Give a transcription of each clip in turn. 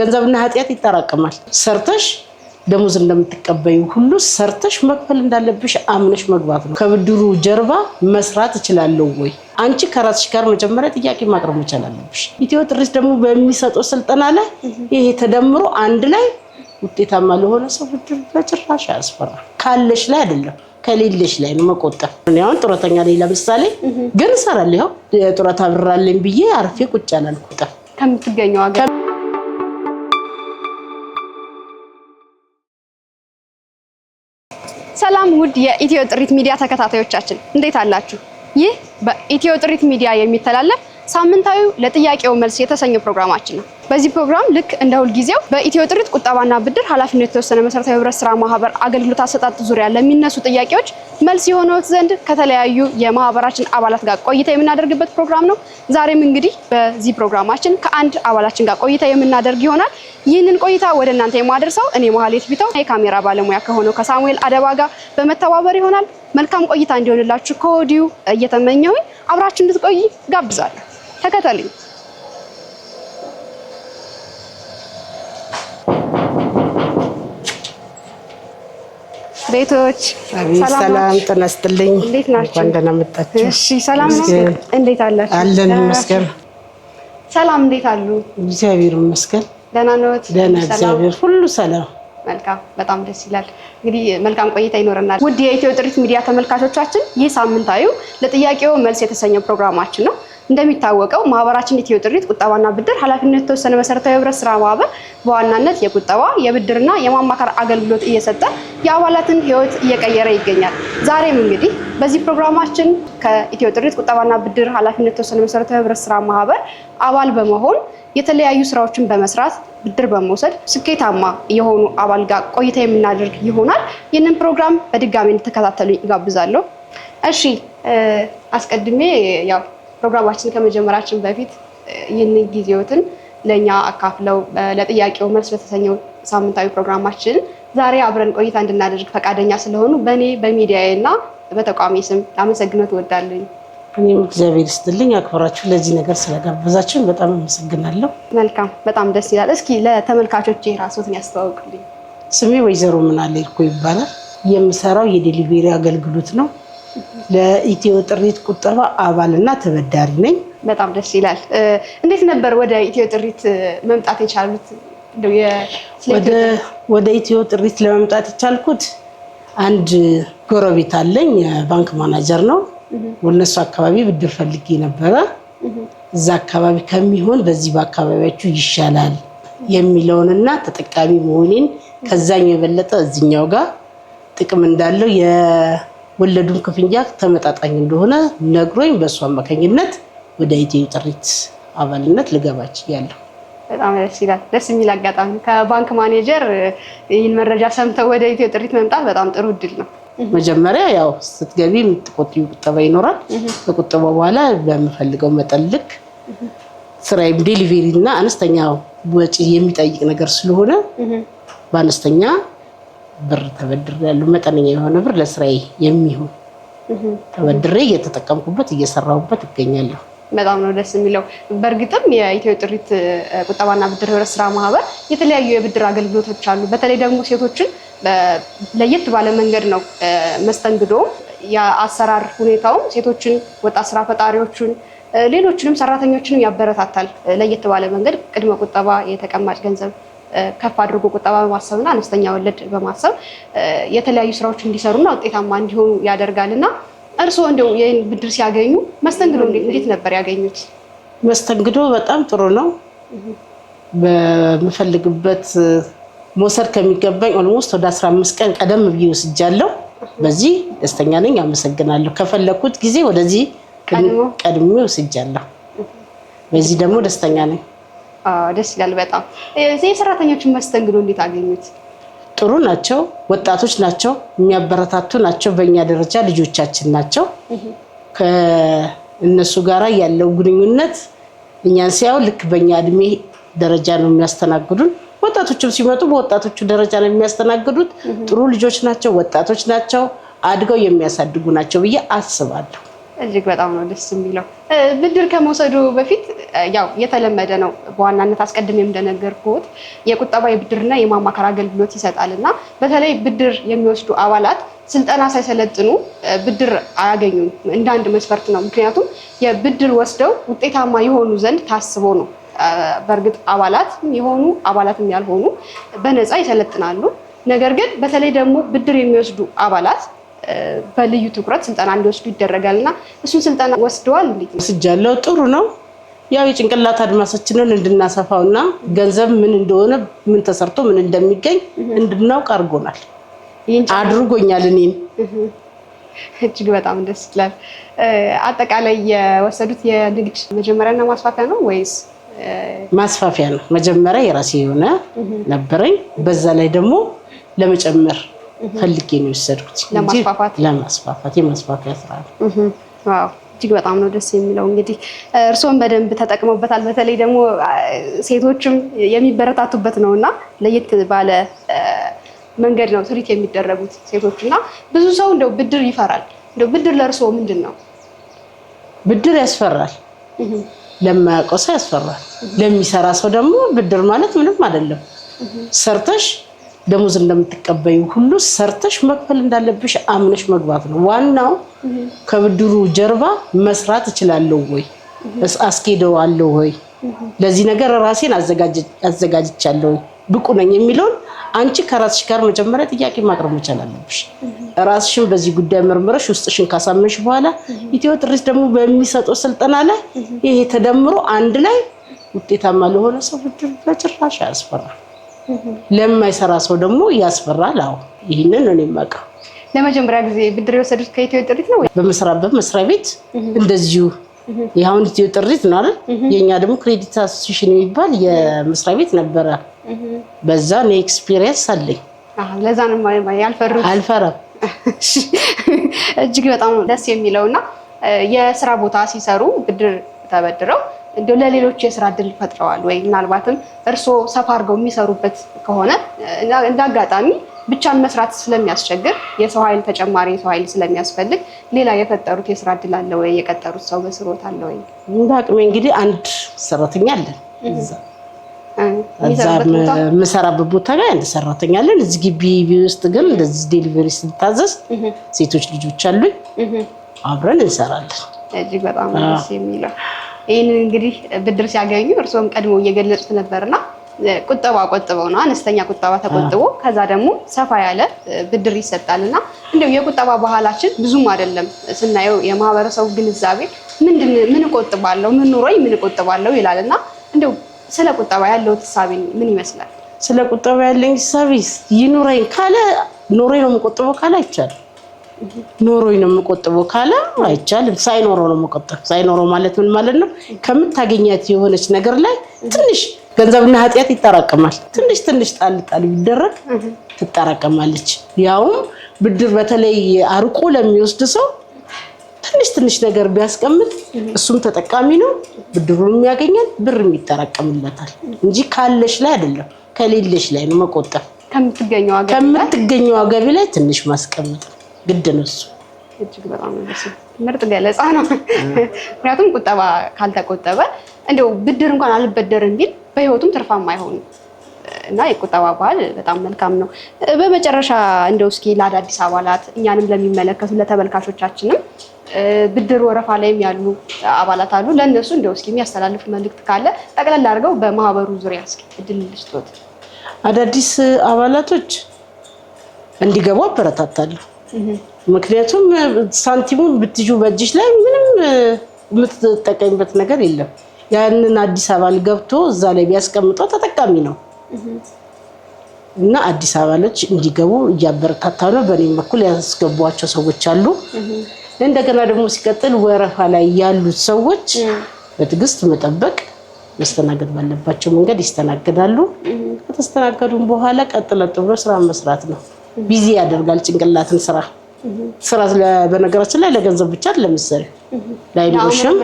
ገንዘብና ኃጢአት ይጠራቀማል። ሰርተሽ ደሞዝ እንደምትቀበዩ ሁሉ ሰርተሽ መክፈል እንዳለብሽ አምነሽ መግባት ነው። ከብድሩ ጀርባ መስራት እችላለሁ ወይ? አንቺ ከራስሽ ጋር መጀመሪያ ጥያቄ ማቅረብ መቻል አለብሽ። ኢትዮ ጥሪት ደግሞ በሚሰጠው ስልጠና ላይ ይሄ ተደምሮ አንድ ላይ ውጤታማ ለሆነ ሰው ብድር በጭራሽ አያስፈራ። ካለሽ ላይ አይደለም ከሌለሽ ላይ ነው መቆጠር። እኔ አሁን ጡረተኛ ላይ ለምሳሌ፣ ግን እሰራለሁ። ይኸው የጡረታ ብራለኝ ብዬ አርፌ ቁጭ አላልኩ። ከምትገኘው ሰላም ውድ የኢትዮ ጥሪት ሚዲያ ተከታታዮቻችን እንዴት አላችሁ? ይህ በኢትዮ ጥሪት ሚዲያ የሚተላለፍ ሳምንታዊ ለጥያቄው መልስ የተሰኘ ፕሮግራማችን ነው። በዚህ ፕሮግራም ልክ እንደ ሁልጊዜው በኢትዮ ጥሪት ቁጠባና ብድር ኃላፊነት የተወሰነ መሰረታዊ ህብረት ስራ ማህበር አገልግሎት አሰጣጥ ዙሪያ ለሚነሱ ጥያቄዎች መልስ የሆነዎት ዘንድ ከተለያዩ የማህበራችን አባላት ጋር ቆይታ የምናደርግበት ፕሮግራም ነው። ዛሬም እንግዲህ በዚህ ፕሮግራማችን ከአንድ አባላችን ጋር ቆይታ የምናደርግ ይሆናል። ይህንን ቆይታ ወደ እናንተ የማደርሰው እኔ መሀሌት ቢተው የካሜራ ባለሙያ ከሆነው ከሳሙኤል አደባ ጋር በመተባበር ይሆናል። መልካም ቆይታ እንዲሆንላችሁ ከወዲሁ እየተመኘሁኝ አብራችሁ እንድትቆይ ጋብዛለሁ። ተከተልኝ። ቤቶች ሰላም ተነስተልኝ። እንዴት ናችሁ? እንደና መጣችሁ? እሺ ሰላም ነው። እንዴት አላችሁ? አለን ይመስገን። ሰላም እንዴት አሉ? እግዚአብሔር ይመስገን። ደህና ነው። ደህና እግዚአብሔር ሁሉ ሰላም መልካም በጣም ደስ ይላል። እንግዲህ መልካም ቆይታ ይኖረናል። ውድ የኢትዮ ጥሪት ሚዲያ ተመልካቾቻችን ይህ ሳምንታዊ ለጥያቄው መልስ የተሰኘው ፕሮግራማችን ነው። እንደሚታወቀው ማህበራችን ኢትዮ ጥሪት ቁጠባና ብድር ኃላፊነት የተወሰነ መሰረታዊ ህብረት ስራ ማህበር በዋናነት የቁጠባ የብድርና የማማከር አገልግሎት እየሰጠ የአባላትን ህይወት እየቀየረ ይገኛል። ዛሬም እንግዲህ በዚህ ፕሮግራማችን ከኢትዮ ጥሪት ቁጠባና ብድር ኃላፊነት የተወሰነ መሰረታዊ ህብረት ስራ ማህበር አባል በመሆን የተለያዩ ስራዎችን በመስራት ብድር በመውሰድ ስኬታማ የሆኑ አባል ጋር ቆይታ የምናደርግ ይሆናል። ይህንን ፕሮግራም በድጋሚ እንድትከታተሉ ይጋብዛለሁ። እሺ፣ አስቀድሜ ያው ፕሮግራማችን ከመጀመራችን በፊት ይህንን ጊዜዎትን ለእኛ አካፍለው ለጥያቄው መልስ ለተሰኘው ሳምንታዊ ፕሮግራማችን ዛሬ አብረን ቆይታ እንድናደርግ ፈቃደኛ ስለሆኑ በእኔ በሚዲያዬ እና በተቋሚ ስም ላመሰግኖት እወዳለሁ። እኔም እግዚአብሔር ይስጥልኝ አክብራችሁ ለዚህ ነገር ስለጋበዛችሁን በጣም አመሰግናለሁ። መልካም፣ በጣም ደስ ይላል። እስኪ ለተመልካቾች ራስዎትን ያስተዋውቅልኝ ስሜ ወይዘሮ ምናለ ልኮ ይባላል። የምሰራው የዴሊቬሪ አገልግሎት ነው። ለኢትዮ ጥሪት ቁጠባ አባልና ተበዳሪ ነኝ። በጣም ደስ ይላል። እንዴት ነበር ወደ ኢትዮ ጥሪት መምጣት የቻሉት? ወደ ኢትዮ ጥሪት ለመምጣት የቻልኩት አንድ ጎረቤት አለኝ፣ ባንክ ማናጀር ነው ወነሱ አካባቢ ብድር ፈልጌ ነበረ። እዛ አካባቢ ከሚሆን በዚህ በአካባቢያችሁ ይሻላል የሚለውንና ተጠቃሚ መሆኔን ከዛኛው የበለጠ እዚኛው ጋር ጥቅም እንዳለው የወለዱን ክፍያ ተመጣጣኝ እንደሆነ ነግሮኝ በእሱ አማካኝነት ወደ ኢትዮ ጥሪት አባልነት ልገባች ያለው በጣም ደስ ይላል። ደስ የሚል አጋጣሚ ከባንክ ማኔጀር ይህን መረጃ ሰምተው ወደ ኢትዮ ጥሪት መምጣት በጣም ጥሩ እድል ነው። መጀመሪያ ያው ስትገቢ የምትቆጥዩ ቁጠባ ይኖራል። ከቁጠባ በኋላ በምፈልገው መጠን ልክ ስራዬም ዴሊቨሪ እና አነስተኛ ወጪ የሚጠይቅ ነገር ስለሆነ በአነስተኛ ብር ተበድሬያለሁ። መጠነኛ የሆነ ብር ለስራዬ የሚሆን ተበድሬ እየተጠቀምኩበት እየሰራሁበት እገኛለሁ። በጣም ነው ደስ የሚለው። በእርግጥም የኢትዮ ጥሪት ቁጠባና ብድር ህብረት ስራ ማህበር የተለያዩ የብድር አገልግሎቶች አሉ። በተለይ ደግሞ ሴቶችን ለየት ባለ መንገድ ነው መስተንግዶ የአሰራር ሁኔታውም ሴቶችን፣ ወጣት ስራ ፈጣሪዎችን፣ ሌሎችንም ሰራተኞችንም ያበረታታል። ለየት ባለ መንገድ ቅድመ ቁጠባ፣ የተቀማጭ ገንዘብ ከፍ አድርጎ ቁጠባ በማሰብና አነስተኛ ወለድ በማሰብ የተለያዩ ስራዎች እንዲሰሩና ውጤታማ እንዲሆኑ ያደርጋል እና እርስዎ እንደው ይህን ብድር ሲያገኙ መስተንግዶ እንዴት ነበር ያገኙት? መስተንግዶ በጣም ጥሩ ነው። በምፈልግበት መውሰድ ከሚገባኝ ኦልሞስት ወደ 15 ቀን ቀደም ብዬ ወስጃለሁ። በዚህ ደስተኛ ነኝ፣ አመሰግናለሁ። ከፈለኩት ጊዜ ወደዚህ ቀድሜ ወስጃለሁ። በዚህ ደግሞ ደስተኛ ነኝ። ደስ ይላል በጣም። እዚህ የሰራተኞችን መስተንግዶ እንዴት አገኙት? ጥሩ ናቸው። ወጣቶች ናቸው፣ የሚያበረታቱ ናቸው። በእኛ ደረጃ ልጆቻችን ናቸው። ከእነሱ ጋር ያለው ግንኙነት እኛን ሲያው ልክ በእኛ እድሜ ደረጃ ነው የሚያስተናግዱን። ወጣቶችም ሲመጡ በወጣቶቹ ደረጃ ነው የሚያስተናግዱት። ጥሩ ልጆች ናቸው፣ ወጣቶች ናቸው፣ አድገው የሚያሳድጉ ናቸው ብዬ አስባለሁ። እጅግ በጣም ነው ደስ የሚለው። ብድር ከመውሰዱ በፊት ያው የተለመደ ነው። በዋናነት አስቀድሜ እንደነገርኩት የቁጠባ የብድርና የማማከር አገልግሎት ይሰጣል እና በተለይ ብድር የሚወስዱ አባላት ስልጠና ሳይሰለጥኑ ብድር አያገኙም። እንደ አንድ መስፈርት ነው። ምክንያቱም የብድር ወስደው ውጤታማ የሆኑ ዘንድ ታስቦ ነው። በእርግጥ አባላት የሆኑ አባላትም ያልሆኑ በነፃ ይሰለጥናሉ። ነገር ግን በተለይ ደግሞ ብድር የሚወስዱ አባላት በልዩ ትኩረት ስልጠና እንዲወስዱ ይደረጋል እና እሱን ስልጠና ወስደዋል። እንዴት ወስጃለሁ? ጥሩ ነው። ያው የጭንቅላት አድማሳችንን እንድናሰፋው እና ገንዘብ ምን እንደሆነ ምን ተሰርቶ ምን እንደሚገኝ እንድናውቅ አድርጎናል። አድርጎኛል እኔን። እጅግ በጣም ደስ ይላል። አጠቃላይ የወሰዱት የንግድ መጀመሪያና ማስፋፊያ ነው ወይስ ማስፋፊያ ነው? መጀመሪያ የራሴ የሆነ ነበረኝ። በዛ ላይ ደግሞ ለመጨመር ፈልጌ ነው የወሰድኩት፣ ለማስፋፋት ለማስፋፋት የማስፋፊያ ስራ ነው። እጅግ በጣም ነው ደስ የሚለው። እንግዲህ እርስዎም በደንብ ተጠቅመውበታል። በተለይ ደግሞ ሴቶችም የሚበረታቱበት ነው እና ለየት ባለ መንገድ ነው ትሪት የሚደረጉት ሴቶች እና ብዙ ሰው እንደው ብድር ይፈራል። እንደው ብድር ለእርስዎ ምንድን ነው? ብድር ያስፈራል። ለማያውቀው ሰው ያስፈራል። ለሚሰራ ሰው ደግሞ ብድር ማለት ምንም አይደለም። ሰርተሽ ደሞዝ እንደምትቀበዩ ሁሉ ሰርተሽ መክፈል እንዳለብሽ አምነሽ መግባት ነው ዋናው። ከብድሩ ጀርባ መስራት እችላለሁ ወይ አስኬደዋለሁ ወይ ለዚህ ነገር ራሴን አዘጋጅቻለሁ ብቁ ነኝ የሚለውን አንቺ ከራስሽ ጋር መጀመሪያ ጥያቄ ማቅረብ መቻል አለብሽ። ራስሽን በዚህ ጉዳይ መርምረሽ ውስጥሽን ካሳመንሽ በኋላ ኢትዮ ጥሪት ደግሞ በሚሰጠው ስልጠና ላይ ይሄ ተደምሮ አንድ ላይ ውጤታማ ለሆነ ሰው ብድር በጭራሽ አያስፈራም። ለማይሰራ ሰው ደግሞ ያስፈራል። አዎ ይህንን ነው የማውቀው። ለመጀመሪያ ጊዜ ብድር የወሰዱት ከኢትዮ ጥሪት ነው ወይ? በምሰራበት መስሪያ ቤት እንደዚሁ ይህ ኢትዮ ጥሪት ነው አይደል? የእኛ ደግሞ ክሬዲት አሶሲሽን የሚባል የመስሪያ ቤት ነበረ በዛ እኔ ኤክስፒሪየንስ አለኝ። ለዛ ነው ያልፈሩት። አልፈራም። እጅግ በጣም ደስ የሚለው እና የስራ ቦታ ሲሰሩ ብድር ተበድረው እንዲሁ ለሌሎች የስራ እድል ፈጥረዋል ወይ? ምናልባትም እርስዎ ሰፋ አድርገው የሚሰሩበት ከሆነ እንደ አጋጣሚ ብቻን መስራት ስለሚያስቸግር የሰው ኃይል ተጨማሪ የሰው ኃይል ስለሚያስፈልግ ሌላ የፈጠሩት የስራ እድል አለ ወይ? የቀጠሩት ሰው በስሮት አለ ወይ? እንደ አቅሜ እንግዲህ አንድ ሰራተኛ አለን እዛ እዛም የምሰራበት ቦታ ላይ አንድ ሰራተኛ አለን። እዚህ ግቢ ውስጥ ግን እንደዚህ ዴሊቨሪ ስንታዘዝ ሴቶች ልጆች አሉኝ፣ አብረን እንሰራለን። እጅግ በጣም ደስ የሚለው ይህን እንግዲህ ብድር ሲያገኙ እርስዎም ቀድሞ እየገለጹት ነበርና ቁጠባ ቆጥበው ነው አነስተኛ ቁጠባ ተቆጥቦ ከዛ ደግሞ ሰፋ ያለ ብድር ይሰጣል እና እንደው የቁጠባ ባህላችን ብዙም አይደለም ስናየው የማህበረሰቡ ግንዛቤ ምንድን ምን እቆጥባለሁ ምን ኑሮኝ ምን እቆጥባለሁ ይላል እና እንዲሁ ስለ ቁጠባ ያለው ተሳቢ ምን ይመስላል? ስለ ቁጠባ ያለኝ ሰርቪስ ይኑረኝ ካለ ኖሮ ነው የምቆጥበው ካለ አይቻልም። ኖሮኝ ነው የምቆጥበው ካለ አይቻልም። ሳይኖረው ነው የምቆጥበው። ሳይኖረው ማለት ምን ማለት ነው? ከምታገኛት የሆነች ነገር ላይ ትንሽ ገንዘብና ኃጢአት ይጠራቀማል። ትንሽ ትንሽ ጣል ጣል ቢደረግ ትጠራቀማለች። ያውም ብድር በተለይ አርቆ ለሚወስድ ሰው ትንሽ ትንሽ ነገር ቢያስቀምጥ እሱም ተጠቃሚ ነው፣ ብድሩንም ያገኛል፣ ብርም ይጠራቀምለታል እንጂ ካለሽ ላይ አይደለም ከሌለሽ ላይ ነው መቆጠብ። ከምትገኘው ገቢ ላይ ትንሽ ማስቀመጥ ግድ ነው። እሱ እጅግ በጣም ምርጥ ገለጻ ነው። ምክንያቱም ቁጠባ ካልተቆጠበ እንደው ብድር እንኳን አልበደርም ቢል በህይወቱም ትርፋማ አይሆንም። እና የቁጠባ ባህል በጣም መልካም ነው። በመጨረሻ እንደው እስኪ ለአዳዲስ አባላት እኛንም ለሚመለከቱ ለተመልካቾቻችንም ብድር ወረፋ ላይም ያሉ አባላት አሉ። ለእነሱ እንደው እስኪ የሚያስተላልፍ መልእክት ካለ ጠቅላላ አድርገው በማህበሩ ዙሪያ እስኪ እድል ልስጦት። አዳዲስ አባላቶች እንዲገቡ አበረታታለሁ። ምክንያቱም ሳንቲሙን ብትጁ በእጅሽ ላይ ምንም የምትጠቀሚበት ነገር የለም። ያንን አዲስ አባል ገብቶ እዛ ላይ ቢያስቀምጠው ተጠቃሚ ነው እና አዲስ አባሎች እንዲገቡ እያበረታታ ነው። በእኔም በኩል ያስገቧቸው ሰዎች አሉ። እንደገና ደግሞ ሲቀጥል ወረፋ ላይ ያሉት ሰዎች በትዕግስት መጠበቅ መስተናገድ ባለባቸው መንገድ ይስተናገዳሉ። ከተስተናገዱም በኋላ ቀጥ ለጥ ብሎ ስራ መስራት ነው። ቢዚ ያደርጋል ጭንቅላትን ስራ ስራ በነገራችን ላይ ለገንዘብ ብቻ ለምሳሌ ለአይምሮሽም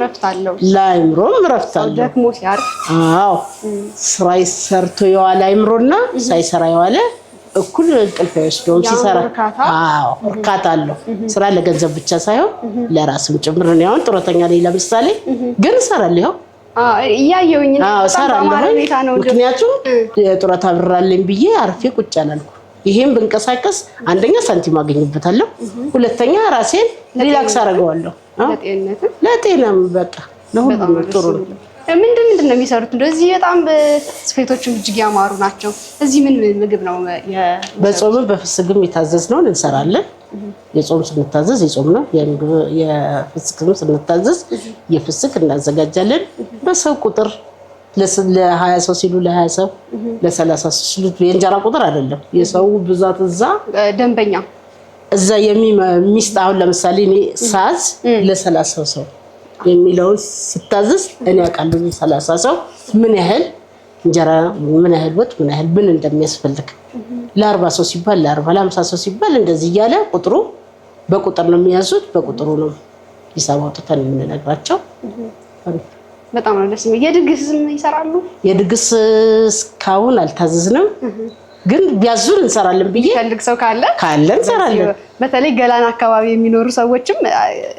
ለአይምሮም እረፍት አለው። አዎ ስራ ሰርቶ የዋለ አይምሮና ሳይሰራ የዋለ እኩል እንቅልፍ አይወስደውም ሲሰራ። እርካታ አለው። ስራ ለገንዘብ ብቻ ሳይሆን ለራስም ጭምር ነው። አሁን ጡረተኛ ነኝ ለምሳሌ፣ ግን እሰራለሁ። ይኸው እያየሁኝ እሰራለሁ። ምክንያቱም የጡረታ ብር አለኝ ብዬ አርፌ ቁጭ አላልኩም። ይሄን ብንቀሳቀስ አንደኛ ሳንቲም አገኝበታለሁ፣ ሁለተኛ ራሴን ሪላክስ አደርገዋለሁ። ለጤናም በቃ ለሁሉም ጥሩ ነው። ምንድን ምንድን ነው የሚሰሩት? እንደዚህ በጣም ስፌቶችም እጅግ ያማሩ ናቸው። እዚህ ምን ምግብ ነው? በጾምም በፍስግም የታዘዝ ነውን እንሰራለን። የጾም ስንታዘዝ የጾም ነው፣ የፍስግም ስንታዘዝ የፍስግ እናዘጋጃለን። በሰው ቁጥር ለሀያ ሰው ሲሉ ለሀያ ሰው ለሰላሳ ሰው ሲሉ የእንጀራ ቁጥር አይደለም። የሰው ብዛት እዛ ደንበኛ እዛ የሚስጥ አሁን ለምሳሌ እኔ ሳዝ ለሰላሳ ሰው የሚለውን ስታዘዝ እኔ አውቃለሁ። ሰላሳ ሰው ምን ያህል እንጀራ፣ ምን ያህል ወጥ፣ ምን ያህል ምን እንደሚያስፈልግ ለአርባ ሰው ሲባል ለአርባ ለአምሳ ሰው ሲባል እንደዚህ እያለ ቁጥሩ በቁጥር ነው የሚያዙት። በቁጥሩ ነው ሂሳብ አውጥተን የምንነግራቸው። በጣም ነው ደስ የድግስ ይሰራሉ። የድግስ እስካሁን አልታዘዝንም። ግን ቢያዙን እንሰራለን ብዬ ፈልግ ሰው ካለ ካለ እንሰራለን። በተለይ ገላን አካባቢ የሚኖሩ ሰዎችም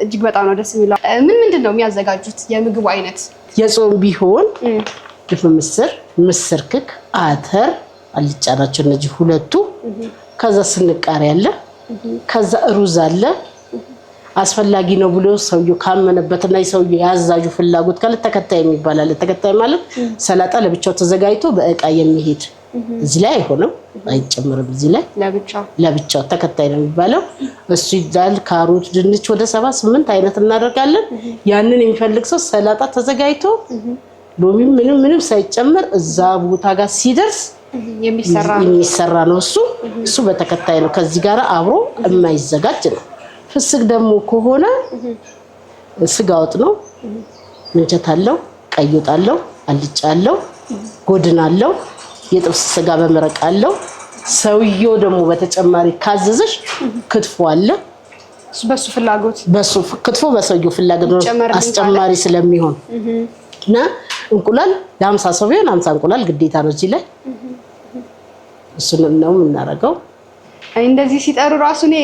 እጅግ በጣም ነው ደስ የሚለው። ምን ምንድን ነው የሚያዘጋጁት የምግቡ አይነት? የጾም ቢሆን ድፍ ምስር፣ ምስር ክክ፣ አተር፣ አልጫ ናቸው እነዚህ ሁለቱ። ከዛ ስንቃሪ አለ፣ ከዛ ሩዝ አለ። አስፈላጊ ነው ብሎ ሰውየው ካመነበት እና የሰውየው የአዛዡ ፍላጎት ካለ ተከታይ የሚባል አለ። ተከታይ ማለት ሰላጣ ለብቻው ተዘጋጅቶ በእቃ የሚሄድ እዚህ ላይ አይሆንም፣ አይጨምርም። እዚህ ላይ ለብቻው ተከታይ ነው የሚባለው። እሱ ይዛል ካሮት፣ ድንች ወደ ሰባ ስምንት አይነት እናደርጋለን። ያንን የሚፈልግ ሰው ሰላጣ ተዘጋጅቶ ሎሚ ምንም ምንም ሳይጨምር እዛ ቦታ ጋር ሲደርስ የሚሰራ ነው። እሱ እሱ በተከታይ ነው፣ ከዚህ ጋር አብሮ የማይዘጋጅ ነው። ፍስክ ደግሞ ከሆነ ስጋ ወጥ ነው። ምንቸት አለው፣ ቀይ ወጥ አለው፣ አልጫ አለው፣ ጎድን አለው የጥብስ ስጋ በመረቅ አለው። ሰውየው ደግሞ በተጨማሪ ካዘዘሽ ክትፎ አለ። በሱ ፍላጎት በሱ ክትፎ በሰውየው ፍላጎት አስጨማሪ ስለሚሆን እና እንቁላል ለሀምሳ ሰው ቢሆን ሀምሳ እንቁላል ግዴታ ነው እዚህ ላይ እሱንም ነው የምናደርገው። እንደዚህ ሲጠሩ ራሱ እኔ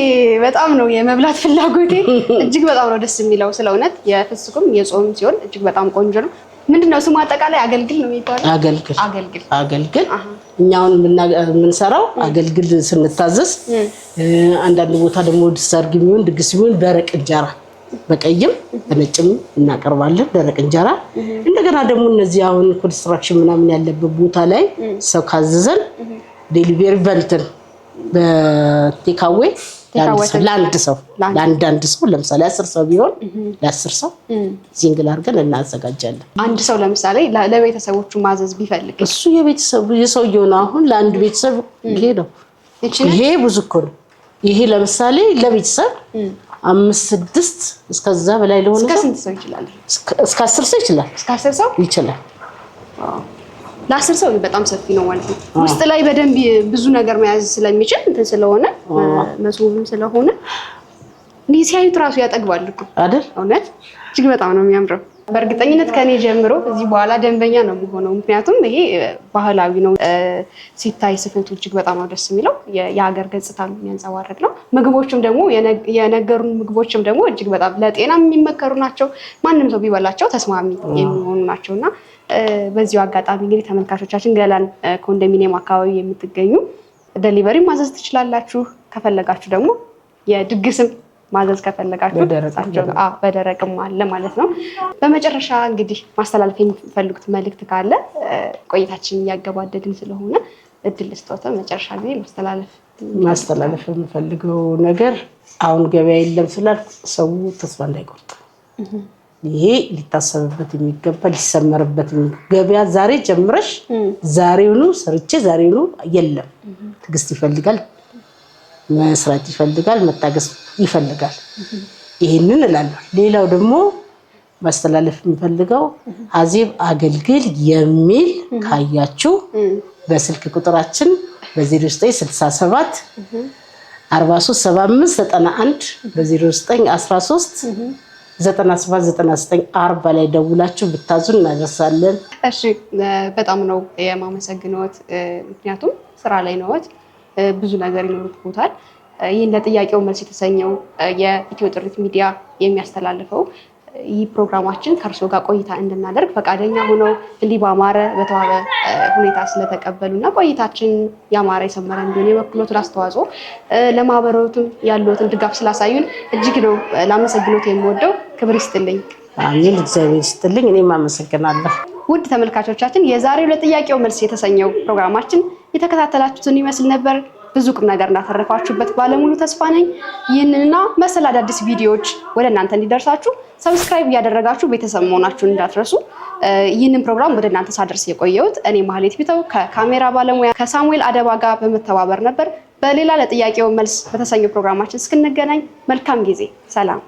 በጣም ነው የመብላት ፍላጎቴ። እጅግ በጣም ነው ደስ የሚለው ስለ እውነት። የፍስኩም የጾም ሲሆን እጅግ በጣም ቆንጆ ነው። ምንድን ነው ስሙ? አጠቃላይ አገልግል ነው የሚባለው። አገልግል አገልግል አገልግል። እኛውን የምንሰራው አገልግል ስንታዘዝ፣ አንዳንድ ቦታ ደግሞ ሰርግ የሚሆን ድግስ የሚሆን ደረቅ እንጀራ በቀይም በነጭም እናቀርባለን። ደረቅ እንጀራ እንደገና ደግሞ እነዚህ አሁን ኮንስትራክሽን ምናምን ያለበት ቦታ ላይ ሰው ካዘዘን ዴሊቨሪ በልትን በቴካዌ ለአንድ ሰው ለአንዳንድ ሰው ለምሳሌ አስር ሰው ቢሆን ለአስር ሰው ሲንግል አድርገን እናዘጋጃለን። አንድ ሰው ለምሳሌ ለቤተሰቦቹ ማዘዝ ቢፈልግ እሱ የቤተሰቡ የሰውየው ነው። አሁን ለአንድ ቤተሰብ ይሄ ነው። ይሄ ብዙ እኮ ነው። ይሄ ለምሳሌ ለቤተሰብ አምስት ስድስት እስከዛ በላይ ለሆነ እስከ ስንት ሰው ይችላል? እስከ አስር ሰው ይችላል። እስከ አስር ሰው ይችላል። ለአስር ሰው በጣም ሰፊ ነው ማለት ነው። ውስጥ ላይ በደንብ ብዙ ነገር መያዝ ስለሚችል እንትን ስለሆነ መስቡብም ስለሆነ እንዲህ ሲያዩት ራሱ ያጠግባል እኮ አይደል? እውነት እጅግ በጣም ነው የሚያምረው። በእርግጠኝነት ከኔ ጀምሮ እዚህ በኋላ ደንበኛ ነው የምሆነው። ምክንያቱም ይሄ ባህላዊ ነው፣ ሲታይ ስፌቱ እጅግ በጣም ነው ደስ የሚለው የሀገር ገጽታ የሚያንጸባርቅ ነው። ምግቦችም ደግሞ የነገሩን ምግቦችም ደግሞ እጅግ በጣም ለጤና የሚመከሩ ናቸው። ማንም ሰው ቢበላቸው ተስማሚ የሚሆኑ ናቸው እና በዚሁ አጋጣሚ እንግዲህ ተመልካቾቻችን ገላን ኮንዶሚኒየም አካባቢ የምትገኙ ደሊቨሪ ማዘዝ ትችላላችሁ። ከፈለጋችሁ ደግሞ የድግስም ማዘዝ ከፈለጋችሁ በደረቅም አለ ማለት ነው። በመጨረሻ እንግዲህ ማስተላለፍ የሚፈልጉት መልእክት ካለ ቆይታችን እያገባደድን ስለሆነ እድል ስጦተ መጨረሻ ጊዜ ማስተላለፍ ማስተላለፍ የምፈልገው ነገር አሁን ገበያ የለም ስላልክ ሰው ተስፋ እንዳይቆርጥ ይሄ ሊታሰብበት የሚገባ ሊሰመርበት ገበያ ዛሬ ጀምረሽ ዛሬውኑ ሰርቼ ዛሬውኑ የለም ትግስት ይፈልጋል መስራት ይፈልጋል፣ መታገስ ይፈልጋል። ይህንን እላለሁ። ሌላው ደግሞ ማስተላለፍ የሚፈልገው አዜብ አገልግል የሚል ካያችሁ በስልክ ቁጥራችን በ0967 437591 በ0913 ላይ ደውላችሁ ብታዙን እናደርሳለን። እሺ፣ በጣም ነው የማመሰግነዎት። ምክንያቱም ስራ ላይ ነዎት። ብዙ ነገር ይኖርብዎታል። ይህን ለጥያቄው መልስ የተሰኘው የኢትዮ ጥሪት ሚዲያ የሚያስተላልፈው ይህ ፕሮግራማችን ከእርስዎ ጋር ቆይታ እንድናደርግ ፈቃደኛ ሆነው እንዲህ በአማረ በተዋበ ሁኔታ ስለተቀበሉ እና ቆይታችን ያማረ የሰመረ እንዲሆን የበኩሎትን አስተዋጽኦ ለማህበረቱም ያለትን ድጋፍ ስላሳዩን እጅግ ነው ላመሰግኖት የምወደው። ክብር ይስጥልኝ። አሚን። እግዚአብሔር ይስጥልኝ። እኔም አመሰግናለሁ። ውድ ተመልካቾቻችን የዛሬው ለጥያቄው መልስ የተሰኘው ፕሮግራማችን የተከታተላችሁትን ይመስል ነበር። ብዙ ቁም ነገር እንዳተረፋችሁበት ባለሙሉ ተስፋ ነኝ። ይህንንና መሰል አዳዲስ ቪዲዮዎች ወደ እናንተ እንዲደርሳችሁ ሰብስክራይብ እያደረጋችሁ ቤተሰብ መሆናችሁን እንዳትረሱ። ይህንን ፕሮግራም ወደ እናንተ ሳደርስ የቆየሁት እኔ ማህሌት ቢተው ከካሜራ ባለሙያ ከሳሙኤል አደባ ጋር በመተባበር ነበር። በሌላ ለጥያቄው መልስ በተሰኘው ፕሮግራማችን እስክንገናኝ መልካም ጊዜ፣ ሰላም።